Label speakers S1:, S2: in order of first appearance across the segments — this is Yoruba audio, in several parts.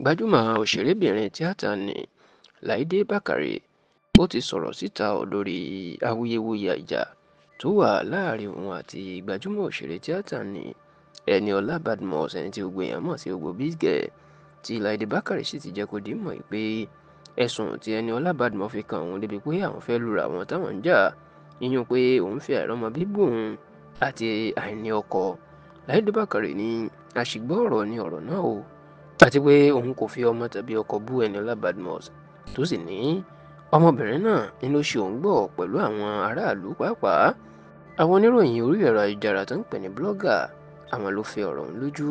S1: gbajúmọ̀ òṣèrébìnrin tíátà ní láìdé bákàrẹ ó ti sọ̀rọ̀ síta lórí awuyewuye ìjà tó wà láàrin òun àti gbajúmọ̀ òṣèré tíátà ní Ẹniọlá Badmus ẹni tí gbogbo èèyàn mọ̀ sí gbogbo Bizz tí láìdé bákàrẹ sì ti jẹ́ kó dì í mọ̀ pé ẹ̀sùn tí Ẹniọlá Badmus fi kan òun débi pé àwọn fẹ́ lura àwọn táwọn ń jà yíyan pé òun fi àìrọ́mọ bíbí òun àti àìní ọkọ láìdé bákàrẹ ní àṣìgbọ́ ọ̀rọ̀ ni ọ̀rọ̀ náà o àti pé òun kò fi ọmọ tàbí ọkọ bú Eniola Badmus tó sì ní ọmọbìnrin náà ni ló ṣe òun gbọ́ pẹ̀lú àwọn aráàlú pàápàá àwọn oníròyìn orí ẹ̀rọ ayélujára tó ń pè ní blọ́gà àwọn ló fẹ́ ọ̀rọ̀ òun lójú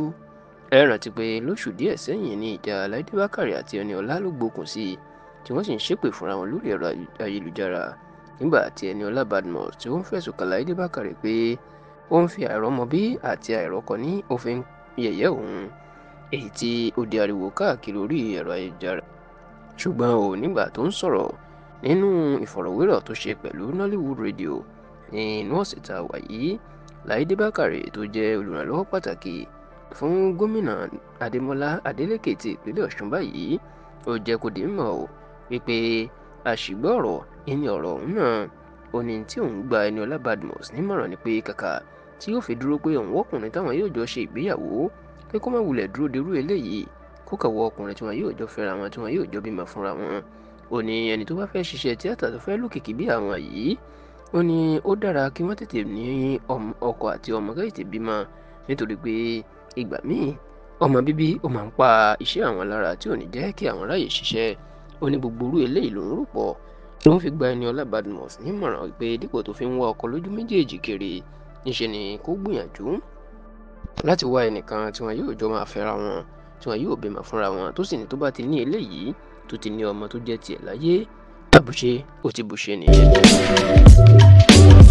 S1: ẹ rántí pé lóṣù díẹ̀ sẹ́yìn ni ìjà Láìdé Bákàrè àti Eniola ló gbókun sí i tí wọ́n sì ń ṣépè fúnra wọn lórí ẹ̀rọ ayélujára nígbà tí Eniola Badmus tí ó ń fẹ̀sùn kàn Láìdé Bákàrè pé ó ń fi àìrọ́mọbí àti àìrọ́kọ ní òfin yẹ̀yẹ́ òun èyí tí ó di ariwo káàkiri orí ẹ̀rọ ayélujára ṣùgbọ́n ò nígbà tó ń sọ̀rọ̀ nínú ìfọ̀rọ̀wérọ̀ tó ṣe pẹ̀lú Nollywood Radio ní inú ọ̀sẹ̀ tá a wà yìí Láìdé Bákàrè tó jẹ́ olùrànlọ́wọ́ pàtàkì fún gómìnà Adémọ́lá Adélékè ti ìpínlẹ̀ Ọ̀ṣun báyìí ó jẹ́ kó di mọ̀ ọ́ wípé àṣìgbọ́ ọ̀rọ̀ ẹni ọ̀rọ̀ ọ̀hún náà ó tí òun gba Ẹniọlá Badmus nímọ̀ràn ni pé kàkà tí yóò fi dúró pé òun ọkùnrin táwọn yóò jọ ṣe ìgbéyàwó pé kó má wulẹ̀ dúró derú eléyìí kó kàn wọ ọkùnrin tí wọn yóò jọ fẹ́ra wọn tí wọn yóò jọ bímọ fúnra wọn ó ní ẹni tó bá fẹ́ ṣiṣẹ́ tíátà tó fẹ́ lókìkí bí àwọn yìí ó ní ó dára kí wọ́n tètè ní ọkọ àti ọmọ kẹ́ tètè bímọ nítorí pé ìgbà míì ọmọ bíbí ó máa ń pa iṣẹ́ àwọn lára tí ò ní jẹ́ kí àwọn ráyè ṣiṣẹ́ ó ní gbogbo orú eléyìí ló ń rò pọ̀ ló ń fi gba Ẹniọlá Badmus nímọ̀ràn pé dípò tó fi ń wá ọkọ lójú méjèèjì kiri níṣẹ́ ni kó gbìyànjú láti wá ẹnìkan tí wọn yóò jọ máa fẹ́ra wọn tí wọn yóò bímọ fúnra wọn tó sì ní tó bá ti ní eléyìí tó ti ní ọmọ tó jẹ́ tiẹ̀ láyé àbùṣe ó ti bùṣe nìyẹn.